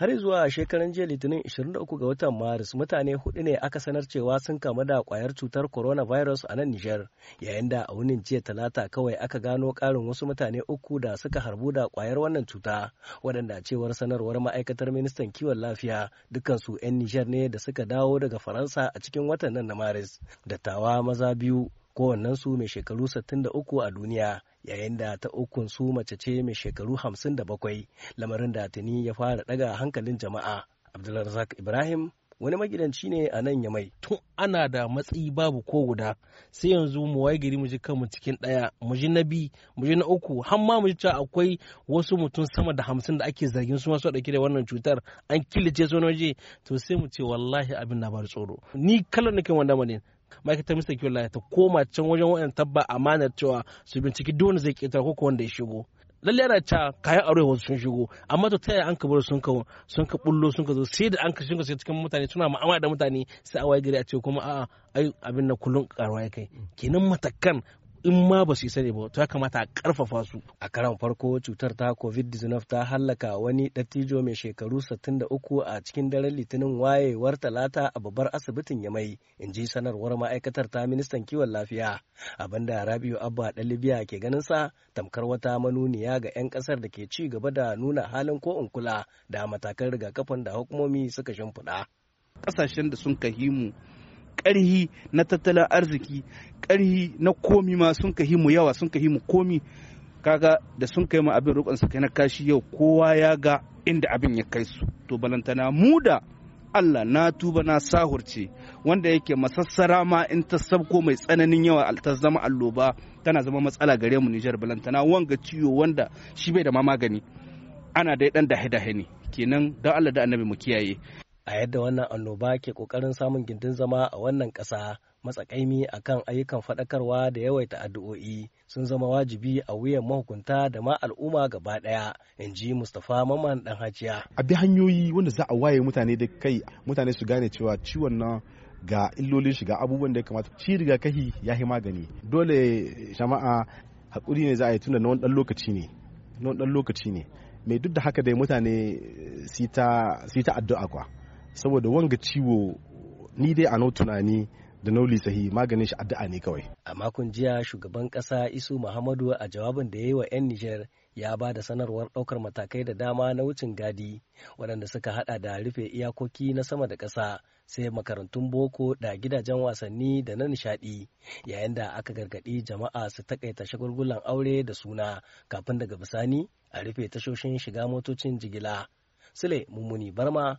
har zuwa shekaran jiya litinin 23 ga watan maris mutane hudu ne aka sanar cewa sun kamu da kwayar cutar coronavirus a nan nijar yayin da a wunin jiya talata kawai aka gano karin wasu mutane uku da suka harbu da kwayar wannan cuta waɗanda cewar sanarwar ma'aikatar ministan kiwon lafiya dukansu 'yan nijar ne da suka dawo daga faransa a cikin watan nan na maris dattawa maza biyu su mai shekaru 63 a duniya yayin da ta ukun su mace ce mai shekaru 57 lamarin da tuni ya fara daga hankalin jama'a abdulrazak ibrahim wani magidanci ne a nan ya mai. tun ana da matsayi babu ko guda sai yanzu mu waye gari mu ji kanmu cikin daya mu ji na bi mu ji na uku har ma mu ji cewa akwai wasu mutum sama da hamsin da ake zargin su masu dauke da wannan cutar an killace su waje to sai mu ce wallahi abin na bar tsoro ni kallon nake wanda mane ma'aikatar mista kiwon lafiya ta koma can wajen wayan tabba amanar cewa su binciki duk wanda zai ketara ko wanda ya shigo Lallai ana ta kayan aure wasu sun shigo amma to ta yaya an ka bar sun ka sun ka bullo sun ka zo sai da an ka shigo sai cikin mutane suna ma'amala da mutane sai a waye gari a ce kuma a'a ai abin na kullun karuwa kai kenan matakan in ma ba su yi sani ba to ya kamata a karfafa su a karan farko cutar ta covid-19 ta hallaka wani dattijo mai shekaru 63 a cikin daren litinin wayewar talata a babbar asibitin yamai in ji sanarwar ma'aikatar ta ministan kiwon lafiya abinda rabiu abba dan libya ke ganin sa tamkar wata manuniya ga 'yan kasar da ke ci gaba da nuna halin ko in kula da matakan rigakafin da hukumomi suka shimfiɗa kasashen da sun kahimu ƙarhi na tattalin arziki ƙarhi na komi ma sun kahi mu yawa sun kahi mu komi kaga da sun kai mu abin rukun kai na kashi yau kowa ya ga inda abin ya kai su to balantana mu da Allah na tuba na sahurce wanda yake masassara ma in ta sabko mai tsananin yawa ta zama alloba tana zama matsala gare mu Nijar balantana wanga ciwo wanda shi bai da ma magani ana dai dan dahe-dahe ne kenan don Allah da annabi mu kiyaye a yadda wannan annoba ke kokarin samun gindin zama a wannan ƙasa matsakaimi a kan ayyukan faɗakarwa da yawaita addu'o'i sun zama wajibi a wuyan mahukunta da ma al'umma gaba ɗaya in ji mustapha maman dan hajiya a bi hanyoyi wanda za a waye mutane da kai mutane su gane cewa ciwon nan ga illolin shi abubuwan da ya kamata ci rigakafi ya yi magani dole jama'a hakuri ne za a yi tunda na wani lokaci ne na dan lokaci ne mai duk da haka dai mutane su ta addu'a kwa saboda wanga ciwo ni dai a nau tunani da nauli sahi maganin shi addu'a ne kawai. A makon jiya shugaban ƙasa Isu Muhammadu a jawabin da ya yi wa 'yan Nijar ya ba da sanarwar ɗaukar matakai da dama na wucin gadi waɗanda suka haɗa da rufe iyakoki na sama da ƙasa sai makarantun boko da gidajen wasanni da na nishaɗi yayin da aka gargaɗi jama'a su takaita shagulgulan aure da suna kafin daga bisani a rufe tashoshin shiga motocin jigila. Sule Mummuni Barma